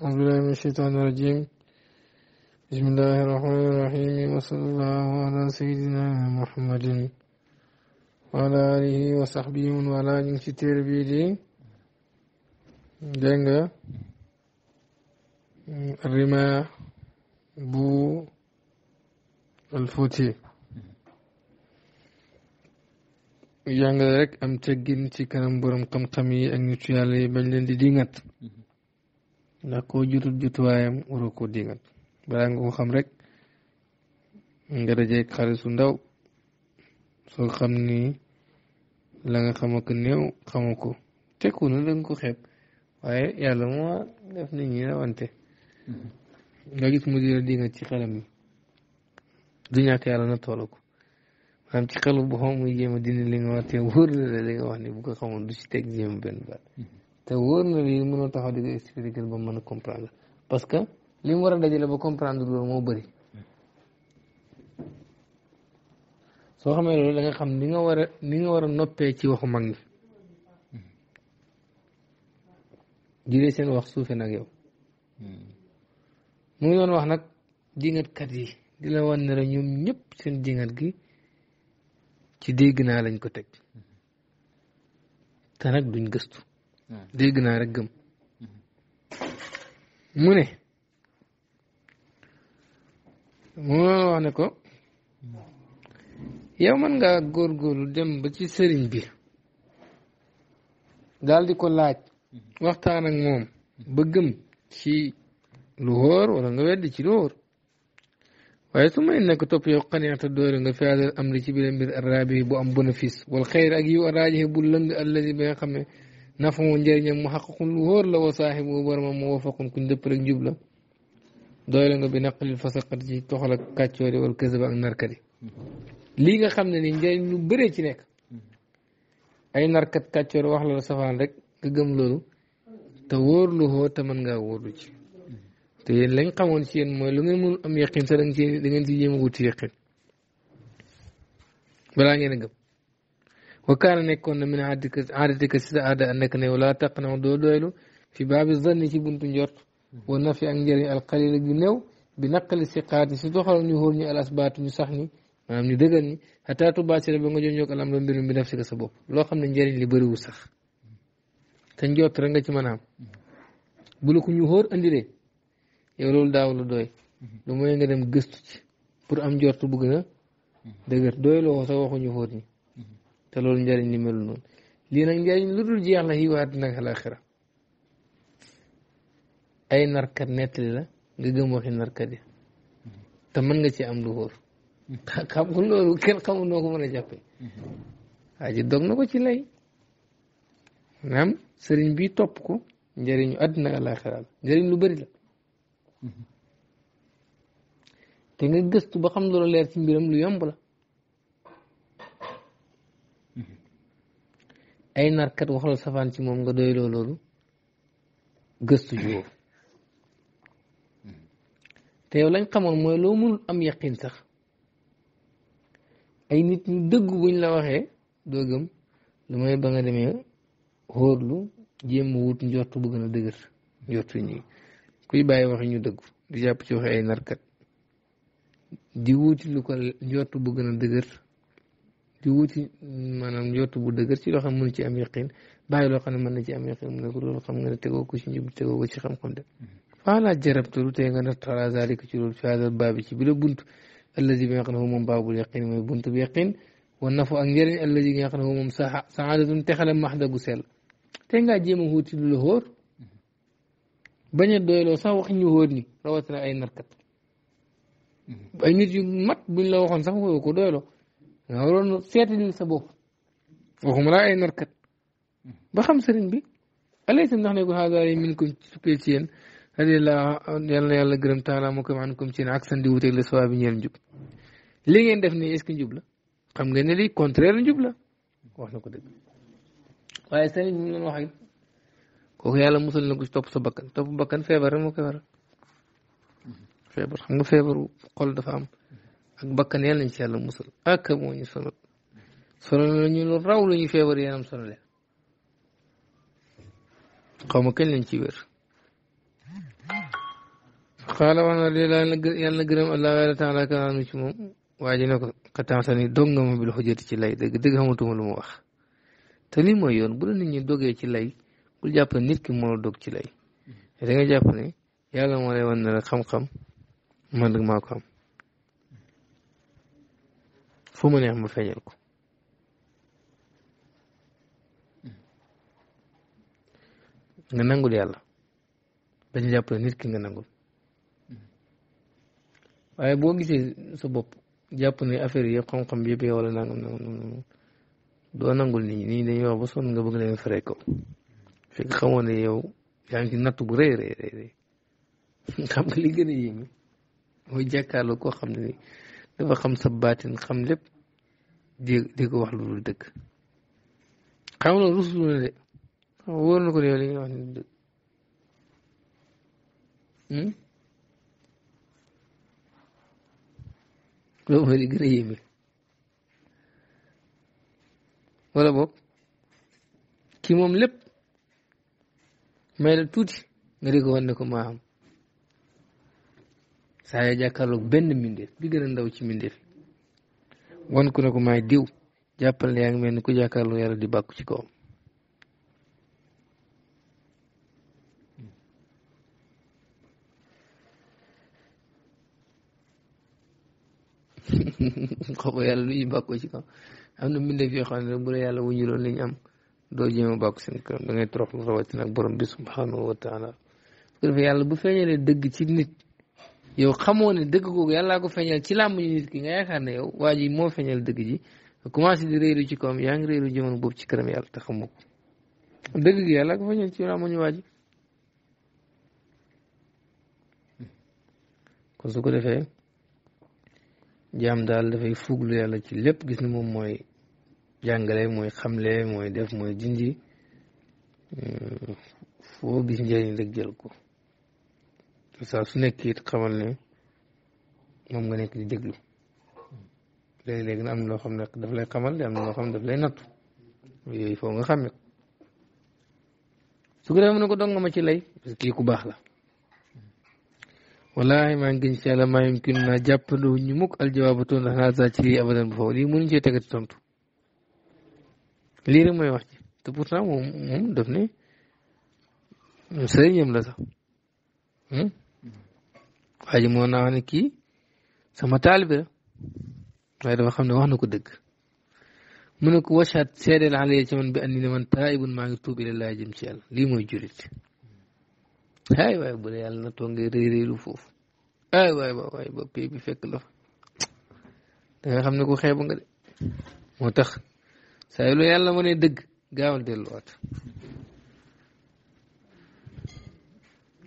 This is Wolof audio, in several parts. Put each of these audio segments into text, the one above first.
أعوذ بالله من الشيطان الرجيم بسم الله الرحمن الرحيم وصلى الله على سيدنا محمد وعلى آله وصحبه وعلى آله كتير بيدي الرما بو الفوتي يانغ rek ام تگين ci كانم بروم xam-xam yi ak دي دينات ndax koo jutut jutuwaayam waroo koo digal balaa nga ko xam rek nga dajeeg xale su ndaw soo xam ni la nga xam ak néew xamu ko tekku na da ko xeeb waaye yàlla moo def nit ñi rawante mm-hmm. nga gis mu dina digal ci xelam yi du yàlla na toola ko maanaam ci xelu bu xaw muy jéem a dindi li nga wax te wóor la li wax ni bu ko du si teg jéem benn baat mm-hmm. te wóor na lii mënoo taxaw di ko expliquer ba mën a comprendre parce que li war a dajale ba comprendre loolu moo bëri soo xamee loolu da nga xam ni nga war a ni nga war a noppee ci waxu man ñi jëlee seen wax suufe nag yow mu ngi doon wax nag jingatkat yi di la wan ne ñoom ñëpp seen jingat gi ci dégg naa lañ ko teg te nag duñ gëstu dégg naa rek gëm mu ne moo wax ne ko yow mën ngaa góorgóorlu ci sëriñ bi daal di ko laaj waxtaan ak moom ba gëm ci lu wóor wala nga weddi ci lu wóor waaye su may nekk topp yow xaniata doore nga fi am li ci biir mbir arabi bu am bénéfice wal xeyr ak yiw araaji bu lëng alladi ba nga xam ne nafamu njëriñam mu xaqaqun lu wóor la wa saaxibu boromam mu wafaqun kuñ dëppal ak njub la doy la nga bi naqalil fasaqat ci toxal ak kàccoori wala kësëba ak narkati lii nga xam ne ni njëriñ lu baree ci nekk ay narkat kàccoor wax la safaan rek nga gëm loolu te wóorlu xoo te mën ngaa wóorlu ci te yéen lañ xamoon ci yéen mooy lu ngeen mënul am yaqin sax da ngeen si da ngeen si jéem a wuti yaqin balaa ngeen a gëm wakaana nekkoon na min aadika aadatika si sa aada nekk ne wala taq na doo doylu fi baabi zanni ci buntu njort wa nafi ak njëriñ alxalil gu néew bi naqali si xaati si doxal ñu xóor ñu alasbaatu ñu sax ñi maanaam ñu dëgër ñi xataa tubaasira ba nga jonjoog alam loo mbirum bi naf sa bopp loo ne njëriñ li bëriwu sax te njort rek nga ci mën a am bu ñu xóor andiree yow loolu daaw la doy lu mooy nga dem gëstu bu ñi te loolu njëriñ li melu noonu lii nag njëriñ lu dul jeex la yi waat nag alaxira ay narkat nettali la nga gëm waxi narkat yi te mën nga ci am lu wóor mm-hmm. xam nga loolu kenn xamul noo ko mën a jàppe mm-hmm. dog na ko ci lay maanaam sëriñ bi topp ko njëriñu àddina alaxira la njëriñ lu bëri la mm-hmm. te nga gëstu ba xam loolu leer ci mbiram lu yomb ay narkat waxal safaan ci moom nga doyloo loolu gëstu jiwoo te yow lañ xamoon mooy loo mënul am yaqin sax ay nit ñu dëggu buñ la waxee doo gëm lu may ba nga demee xóorlu jéem wut njort bëgg na a dëgër njortu ñi kuy bàyyi waxi ñu dëggu di jàpp ci waxe ay narkat di wuti lu ko njort bu gën dëgër di wuti mm, maanaam njott bu dëgër ci loo xam mënu ci am yaqin bàyyi loo xam ne mën na ci am yaqin mu ne ko loolu ne tegoo ko ci njub tegoo ko ci xam-xam de mm-hmm. faalaa jarabtalu tey nga natt ala zalika ci loolu fi hadal baabi ci bi la bunt allazi bi nga xam ne moom baabul yaqin mooy bunt bi yaqin wan nafu ak njëriñ allazi bi nga xam ne moom sa saadatun texale maxda gu sell tey ngaa jéem a wuti lu la xóor mm-hmm. bañ a doyloo ni rawatina ay narkat mm-hmm. ay nit yu mat buñ la waxoon sax woo ko doyloo nga waroon seetlu sa bopp waxuma laa ay narkat ba xam sëriñ bi alaysa ndax ne ko xaasaale min ko suppee ci yéen alhamdulilah yal na yàlla gërëm taala mu ko man comme ci yéen ak bi li ngeen def nii est ce xam ngeen ne lii contraire njub la wax na ko dëgg waaye sëriñ yàlla musal na ko sa bakkan topp bakkan feebar rek moo mm-hmm. feebar xam nga feebaru xol dafa am. ak bakkan yàlla nañ ci yàlla musal ak moo ñu sonal sonal lañu lu raw lu ñu feebar yaram sonale xaw ma kañ lañ ci wér xaala wax a de yàlla na gërëm allah yàlla taala kaanu ci moom waa ji ne ko xatansani dog nga ma bil xujjati ci lay dëgg dëgg xamatuma lu mu wax te lii mooy yoon bu la nit dogee ci lay bul jàpp nit ki moo dog ci lay da nga jàpp ne moo lay wan ne la xam-xam man rek maa am fu mu neex mu feeñal ko nga nangul yàlla bañ a jàpp ne nit ki nga nangul waaye boo gisee sa bopp jàpp ne affaire yi xam-xam bi yëpp yow la nangam nangam doo nangul nit ñi nit ñi dañuy ba sonn nga bëgg leen fere ko fekk xamoon ne yow yaa ngi ci natt bu rëy rëy rëy xam nga li gën a yéeme mooy jàkkaarloo koo xam ni dafa xam sa baatin xam lépp di dul dëgg xam na rusul na de wóor na ko yow li nga wax ni dul dëgg hmm? loolu mooy li gën a yéeme wala boog moom lépp may tuuti nga di ko ko maa saa yoo jàkkaarloog benn mbindeef bi gën a ndaw ci mbindeef yi wan ku ne ko maay diw jàppal ne yaa ngi mel ni ku jàkkaarloog yàlla di bàkku ci kawam xaw ma yàlla ci kaw am na mbindeef yoo xam ne bu la yàlla wuñu loon li am doo jéem a bàkku seen kanam da ngay torox lu rawatina ak borom bi subhanahu wa taala ko defee yàlla bu feeñalee dëgg ci nit yow xamoo ne dëgg googu yàllaa ko feeñal ci làmb ñu nit ki nga yaakaar yow waa ji moo feeñal dëgg ji commencé di réeru ci kawam yaa ngi réeru jamono boobu ci këram yàlla te xamoo ko dëgg ko feeñal ci làmb daal dafay ci lépp gis ne moom mooy jàngale mooy xamle mooy def mooy dindi hmm, foo gis njëriñ rek jël ko saa su nekk it xamal ne moom nga nekk di déglu léegi-léegi na am na loo xam ne daf lay xamal am na loo xam ne daf lay nattu yooyu foo nga xamee su ko defee mu ko dong nga ma ci lay parce kii ku baax la wallaahi maa ngi gën ci yàlla maa yumkin naa jàppandoo ñu mukk aljawaabu toon ndax naa saa ci lii abadan bu faw lii mënuñ cee tegati tontu lii rek mooy wax ci te pourtant moom moom daf ne sëriñam la sax hmm? waa ji moo naa waaye dafa xam ne wax na ko dëgg mu ne ko wacaat seedeel xale yi ci man bi andi ne man taayibun maa ngi tuubi la laa jëm ci lii mooy julit ay waaye bu yàlla na toog ngay rëy foofu ay waay ba ba bi fekk la fa da xam ne ko xeebu nga de moo tax saa yu la yàlla ma ne dëgg gaawal delluwaat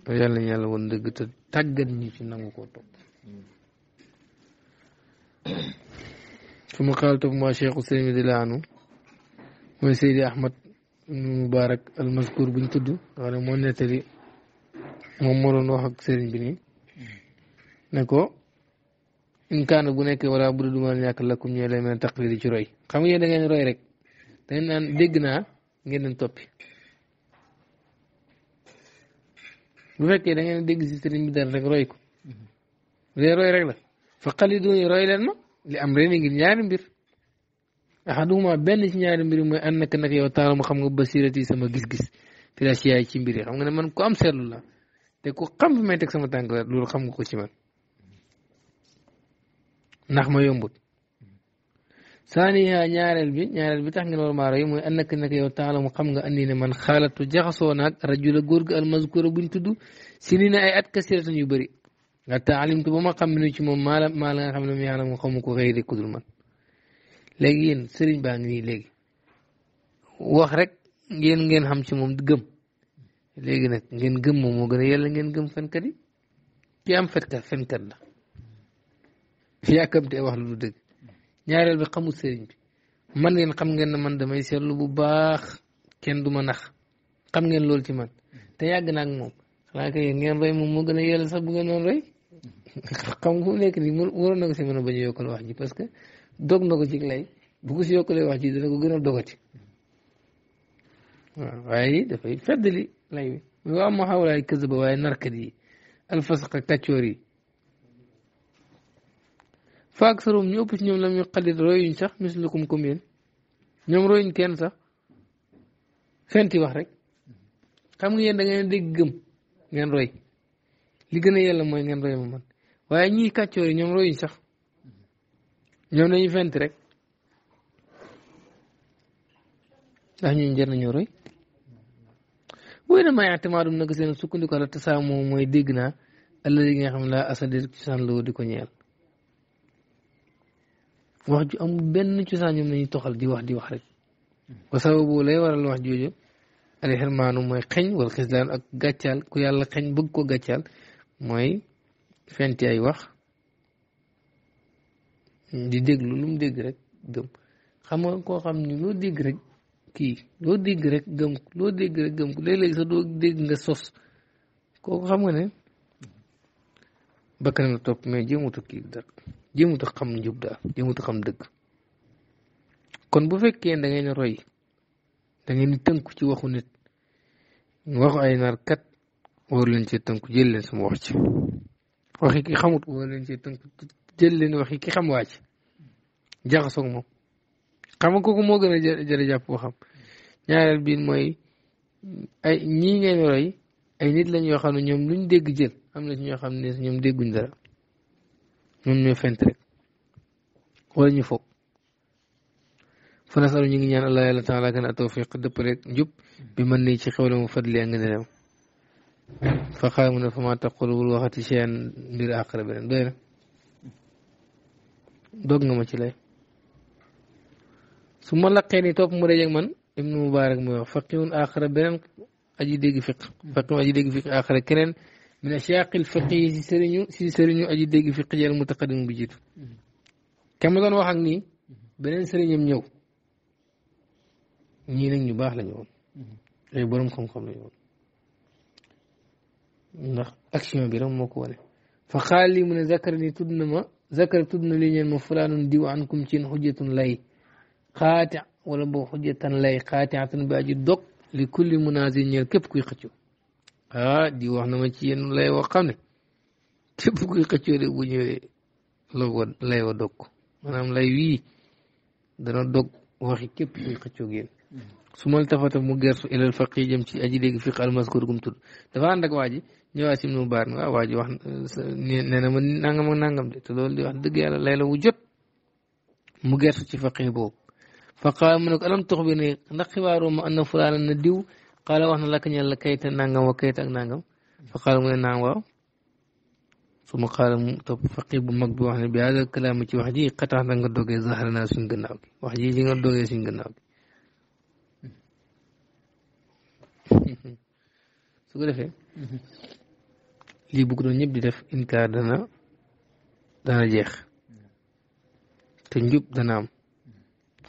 te yàlla ñu yàlla woon dëgg te tàggat ñu ci nangu koo topp su ma xaal topp maa cheikhu sëriñ di laanu mooy Seydi Ahmad ibnu Mubarak al maskuur buñ tudd xam moo nettali moom moo doon wax ak bi nii ne ko inkaana bu nekk wala bu dul ma ñàkk lakkum ñooy lay mel taqlidi ci roy xam nga yéen roy rek dañ naan dégg naa ngeen doon toppi bu fekkee da ngeen dégg si sëriñ bi dara rek roy ko dee roy rek la fa xaliduuni roy leen ma li am ren ngir ñaari mbir axaduma benn ci ñaari mbir mooy ànd nak nag yow taalamu xam nga basirati sama gis-gis fi la siyaay ci mbir yi xam ne man ku am seetlu la te ku xam fi may teg sama tànk la loolu xam nga ko ci man ndax ma yombut saaniha ñaareel bi ñaareel bi tax nga loolu maa roy mooy an nak nag yow taalamu xam nga andi ne man xaalatu jaxasoo naag rajula góor gi almazkura buñ tudd si ni ne ay at kasiratan yu bëri nga taalimtu ba ma xam ne ci moom maa la maa la nga xam ne yàlla mu xamu ko xëy rek kudul man léegi sëriñ baa ngi léegi wax rek ngeen ngeen xam ci moom gëm léegi nag ngeen gëm moom moo gën ngeen gëm fenkat yi ki am fenkat fenkat la yàkkamtee wax lu du dëgg ñaareel bi xamul sëriñ bi man ngeen xam ngeen ne man damay seetlu bu baax kenn du ma nax xam ngeen loolu ci man te yàgg naa ak moom xanaa kay ngeen roy moom moo gën a yéele sax bu ngeen doon roy xam nga fu nekk nii waroon na ko si mën a bañ a yokkal wax ji parce que dog na ko ci lay bu ko si yokkalee wax ji dana ko gën a dogati waaw waaye dafay feddali lay wi waaw ma xawlaay këzaba waaye narkat yi alfasqa kàccoor yi faa aksarum ñu ëpp ñoom la muy xalit royuñ sax mislukum comme yéen ñoom royuñ kenn sax fenti wax rek xam nga yéen da ngeen dégg ngeen roy li gën a yàlla mooy ngeen roy ma man waaye ñi kàccoor yi ñoom royuñ sax ñoom ñu fenti rek ndax ñun jar nañoo roy booy na may atimaadum nag seen sukkandiku la tasaamoo mooy dégg naa ëllëg yi nga xam ne laa asadir ci di ko ñeel wax ju amul benn cosaan cosaanam nañu toxal di wax di wax rek wa sababu lay waral wax jooju alxirmaanu mooy xeñ wala xislaan ak gàccaal ku yàlla xeñ bëgg ko gàccaal mooy fenti ay wax di déglu lu mu dégg rek gëm koo xam loo dégg kii loo dégg rek gëm ko loo dégg léeg-léeg doo dégg nga sos kooku xam nga ne bakkanam topp mais jëmutu kii dara jéemut a xam njub daal jéemut a xam dëgg kon bu fekkee da ngeen roy da ngeen tënku ci waxu nit waxu ay narkat war leen cee tënku jël leen sama wax ci waxi ki xamut war leen cee tënku jël leen waxi ki xam waa ci jaxasoog moom xam ko ko moo gën a jërë jàpp waxam ñaareel biin mooy ay ñii ngeen roy ay nit lañ yoo xam ne ñoom luñ dégg jël am na ci ñoo xam ne ñoom dégguñ dara ñoom ñooy fent rek wala ñu foog fanasalu ñu ngi ñaan allah yàlla taala gën a tawfiq dëpp rek njub bi mën nañ ci xewle mu fadli ak ngëneelam fa xaar mu ne fa maa taqul wul waxati cheyan mbir àqara beneen doy na doog nga ma ci lay su ma laqee ni topp mu dajeeg man ibnu mubarak mooy wax faqihun àqara beneen aji dégg fiq faqihun aji dégg fiq àqara keneen mu ne chaqil fiqi yi si sëriñu si sëriñu aji dégg fiqi yal mutaqaddim bu jiitu te ma doon wax ak nii beneen sëriñam ñëw ñii nag ñu baax la ñu woon ay borom xam-xam la ñu woon ndax action bi rek moo fa xaal lii mu ne zakar ni tudd ma zakar tudd li ñeen ma fulaanun diw ankum ci xujjatun lay xaati wala boo bi aji dog li kulli munaasin ñeel képp kuy xëccoo ah di wax na ma ci yéen lay wax xam ne képp kuy xëccoo de bu ñëwee loo wa lay wa dog maanaam lay wii dana dog waxi képp kuy xëccoo yéen mm-hmm. su mal tafata mu gersu ilal faqi jëm ci aji dégg fiq almaskur gum tudd dafa ànd ak waa ji ñëwaat si mu baar ne ah, na ma nangam ak nangam de te di wax dëgg yàlla lay la wu jot mu gersu ci faqi boobu faqaa mu alam tox bi ne ndax xibaaroo ma anna fulaana diw xaala wax na lakk ñeel la kayit nangam wa kayit ak nangam fa xaala mu ne naam waaw su ma xaala topp faqi bu mag bi wax ne bi hada kalaam ci wax ji xatax da nga dogee zahra naa suñ gannaaw gi wax ji li nga dogee suñ gannaaw gi su ko defee lii bu doon ñëpp di def inkaar dana jeex te njub dana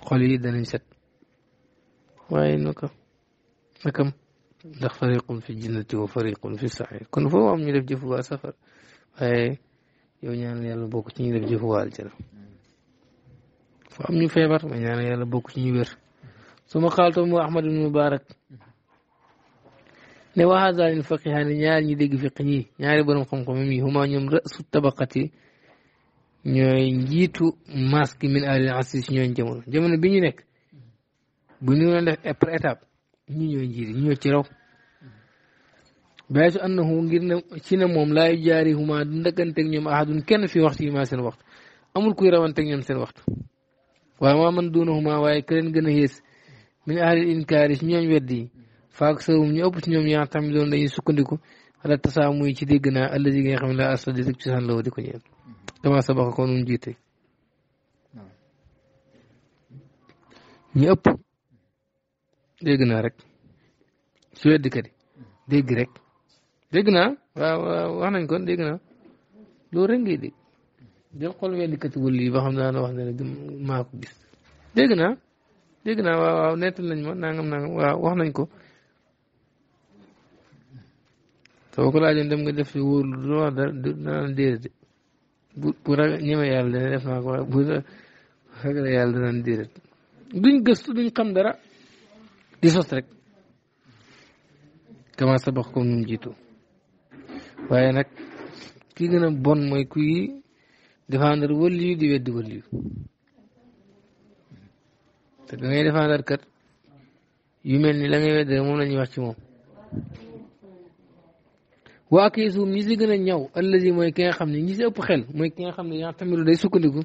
xol yi danañ set waaye nu akam ndax fariqun fi jannati wa fariqun fi sair kon foofu am ñu def jëfu waa safar yow ñaan yàlla bokk ci ñu def waa aljana foo am ñu feebar ma ñaan yàlla bokk ci ñu wér su ma xaaltoom wa ahmad ibn mubarak ne wa haazani faqihaani ñaar ñi dégg fiq ñi ñaari borom xam-xam yi huma ñoom rasu tabaqati ñooy njiitu maski min ahli asis ñooñ jamono jamono bi ñu nekk bu ñu def ñi ñooy njiir ñi ñoo ci raw baysu annahu ngir ne ci ne moom laayu jaari huma du ndëkkanteeg ñoom ahadun kenn fii waxtu yi maa seen waxtu amul kuy rawanteeg ñoom seen waxtu waaye maa man duuna huma waaye ka leen gën a yées min ahlil inkaari si ñooñ weddi yi faak sarum ñu ëpp si ñoom yaa tamit loolu dañuy sukkandiku ala tasaamuy ci xam laa asla di rek ci sànn lawo di ko ñeen ko nun ñu ëpp dégg naa rek su weddi kat dégg rek dégg naa waaw wax nañ ko dégg naa loolu rek ngay dégg del xool weddi kat wël yi ba xam daana wax ne ne maa ko gis dégg naa dégg naa waaw waaw nañ ma nangam nangam waaw wax nañ ko soo ko laajoon dem nga def fi wóorlu du dara du naan déedéet bu bu ragal ñeme yàlla dana def naa ko waaye bu duñ gëstu duñ xam dara di sos rek kama sabax comme ni mu jiitu waaye nag ki gën a bon mooy kuy défendre wëliyu di weddi wëliyu te da ngay défendre kat yu mel ni la ngay weddi moom la ñuy wax ci moom waa kii suuf ñi si gën a ñaw allazi mooy ki nga xam ne ñi si ëpp xel mooy ki nga xam ne yaa tamiru day sukkandiku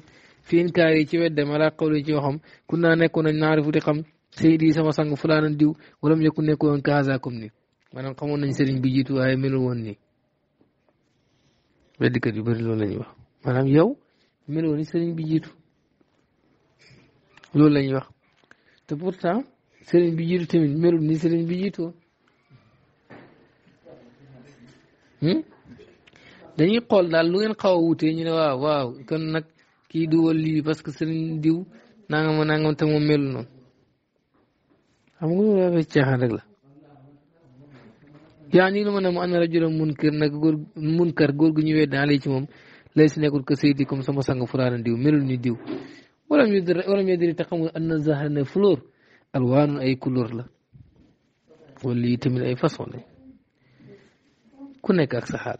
fi inkaar yi ci weddem ala xawli ci waxam kun naa nekkoon nañ naarifu di xam Seydi sama sang fulaanan diw wala mu yokku nekk woon Kaasa comme ni maanaam xamoon nañ sëriñ bi jiitu waaye melu woon nii weddikat yu bëri loolu la ñuy wax maanaam yow melu woon ni sëriñ bi jiitu loolu la ñuy wax te pourtant sëriñ bi jiitu tamit melul ni sëriñ bi jiitu hmm? dañuy xool daal lu ngeen xaw a wutee ñu ne waaw waaw kon nag kii duwal lii parce que sëriñ diw nangam nangam te moom melul noonu. xam nga loolu affaire caaxaan rek la yaa nii lu ma ne mu ana rajula munkar nag góor gu ñu weddi ale ci nekkul que saydi sama sang furaaran diw melul ni diw wala ñu wala ñu diri te xamul alwaanun ay couleur la wala lii ay façon la ku nekk ak saxaar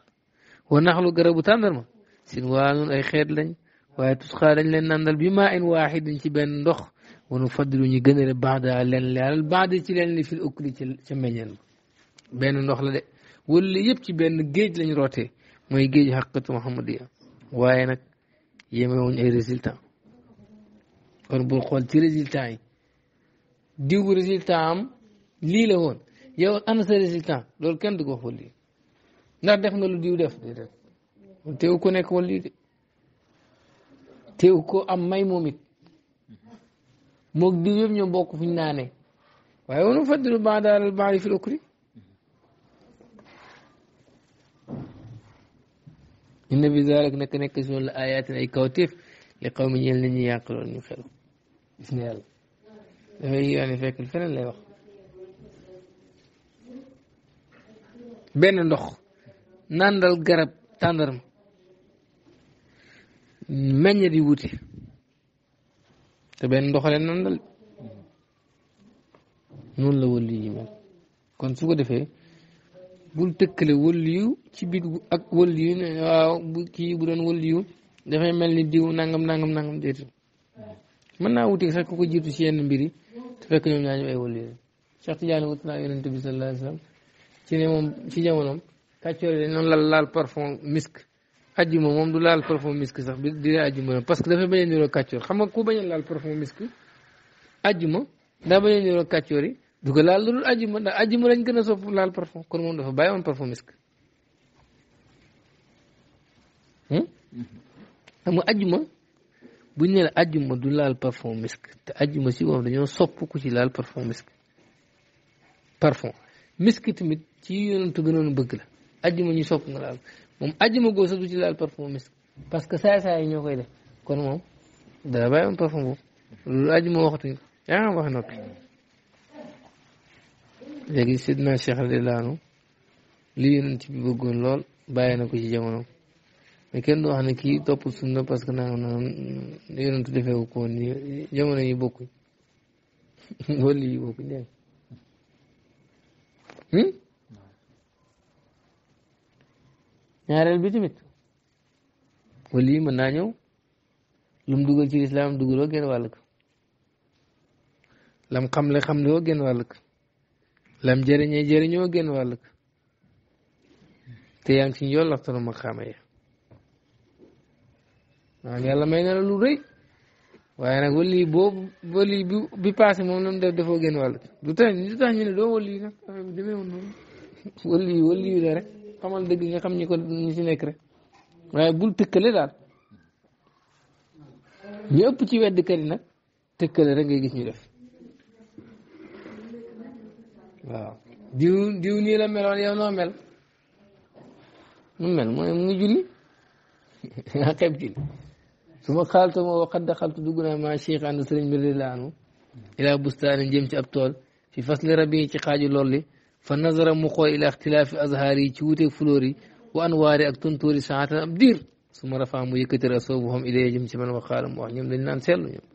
wa garabu tàndarma sin waanun ay xeet lañ waaye tusxaa dañ leen nandal bi maa in waaxidin ci benn ndox wanu faddilu ñu gënale baada leen leeral baada ci leen li fil ukli ci ca meññeen benn ndox la de wala yëpp ci benn géej lañ rootee mooy géej xaqatu muhammadiya waaye nag yemewuñ ay résultat kon bul xool ci résultat yi diw résultat am lii la woon yow ana sa résultat loolu kenn du ko xool lii def nga lu diw def déedéet teew ko nekk wala de teew ko am may moom moog diw yëpp ñoo bokk fu ñu naane waaye wonu faddilu baax daal baax fi okri inna bi zalik nak nekk si noonu la ayatin ay kawtéef li xaw mi ñeel nit ñi ñu xel gis nga yàlla lay wax benn ndox nàndal garab tàndarma meññe di wute te benn doxaleen nan dal noonu la wëllu yi mel kon su ko defee bul tëkkale wëllu yu ci biir ak wëllu yu ne waaw bu kii bu doon wëllu yu dafay mel ni diw nangam nangam nangam déetu mën naa wuti sax ku ko jiitu si yenn mbir te fekk ñoom ñaa ñu ay wëllu yu Cheikh Tidiane wut naa yonente bi sallallahu alayhi ci ne moom ci jamonoom kàccoor yi dañ noonu laal parfum misk ajjuma moom du laal parfum misk sax bi di ajjuma la parce que dafay bañ a niroo kàccoor xam nga ku bañ a laal parfum daa bañ yi du ko laal lu dul ajjuma ndax ajjuma lañ gën a sopp laal parfum kon moom dafa bàyyi woon hmm? ajjuma buñ ne la du laal parfum misk te ajjuma si moom dañoo sopp ku ci laal parfum misk parfum misk tamit ci yonentu gënoon bëgg la ajjuma ñu sopp nga laal moom àjjuma googu sax du ci parce que saay saay ñoo koy def kon moom dara bàyyi am parfum boobu loolu àjjuma waxatuñ ko yaa ngi wax noppi léegi sidna Cheikh radiyallahu lool bàyyi na ko ci jamono kenn du wax ne kii topp sunna parce que naa naa yonent defeewu ko woon nii yi bokkuñ loolu yi bokkuñ dégg ñaareel bi tamit wali mën naa ñëw lu mu dugal ci lislaam dugaloo génn wàll ko lam xamle xamle woo génn wàll ko lam jëriñee jëriñoo génn wàll ko te yaa ngi ci yoon ma xaame ya maanaam yàlla may na la lu rëy waaye nag wali bi bi moom la mu def dafoo génn wàll ko du doo wali nag affaire bi demeewul noonu wali wali la xamal dëgg nga xam ñi ko ñi ci nekk waaye bul tëkkale daal ñu ëpp ci weddikat yi nag tëkkale rek ngay gis ñu def waaw diw diw nii la meloon yow noo mel mu mel mooy mu ngi julli nga xeeb julli su ma xaalto moo waxat da xaltu dugg naa maa cheikh ànd sëriñ bi radi la anhu ilaa bustaani jëm ci fi fasli rabi ci xaaju lool li فنظر مقو الى اختلاف ازهاري تشوتي فلوري وانواري اكتون توري ساعات دير ثم رفع ميكت رسوبهم الى جمشمن وقال مؤنم لنا نسلو يوم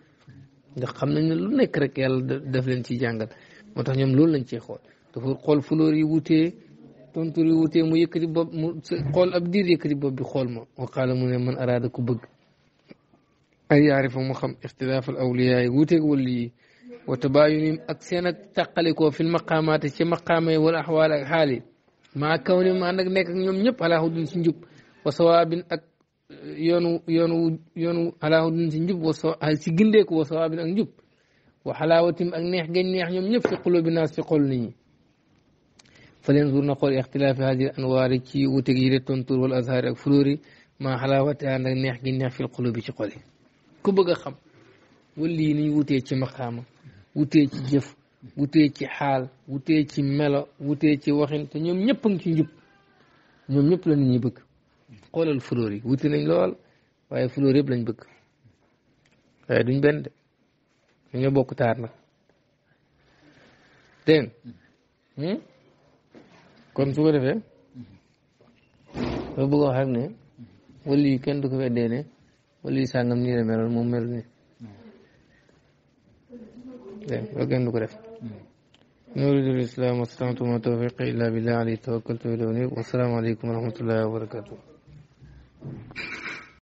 ده خمنا لو نيك رك يالا داف لين سي جانغال موتا نيوم لول لنج سي خول دفور خول فلوري ووتي تونتوري ووتي مو يكري بوب خول اب دير يكري بوب خول ما وقال من من اراد كو بغ اي يعرف مخم اختلاف الاولياء ووتي ولي wa tabaayunim ak seen ak tàqalikoo fil maqaamaati ci maqaame wala axwaal ak xaali maa kaw ni ma ànd ak nekk ak ñoom ñëpp alaa hudun si njub wa sawaabin ak eh, yoonu yoonu yoonu alaa hudun si njub wa si ah, gindeeku wa sawaabin ak ak neex ga neex ñoom ñëpp fi xulóo bi naas ci xol nit ñi fa leen na xool ixtilaafi haadi anwaari ci wuteg yi de tontuur wala azhaari ak flóori maa xalaawati ànd ak neex gi neex fi xulóo bi ci xol yi ku bëgg xam wala lii ni ñu ci maqaama wutee ci jëf wutee ci xaal wutee ci melo wutee ci waxin te ñoom ñëpp a ci njub ñoom ñëpp la nit bëgg xoolal fleur yi wuti nañ lool waaye fleur yëpp lañ bëgg waaye duñ benn de dañoo bokk taar nag dégg hmm? kon su ko defee doo bëgg a wax rek kenn du ko weddee ne wala yu nii la meloon moom melu nii dégg kenn du ko def noonu dul islam wastaamtu ma tawfiqi illa billah alayhi tawakkaltu wa ilayhi unib wassalaamu aleykum wa rahmatullahi wa barakatuh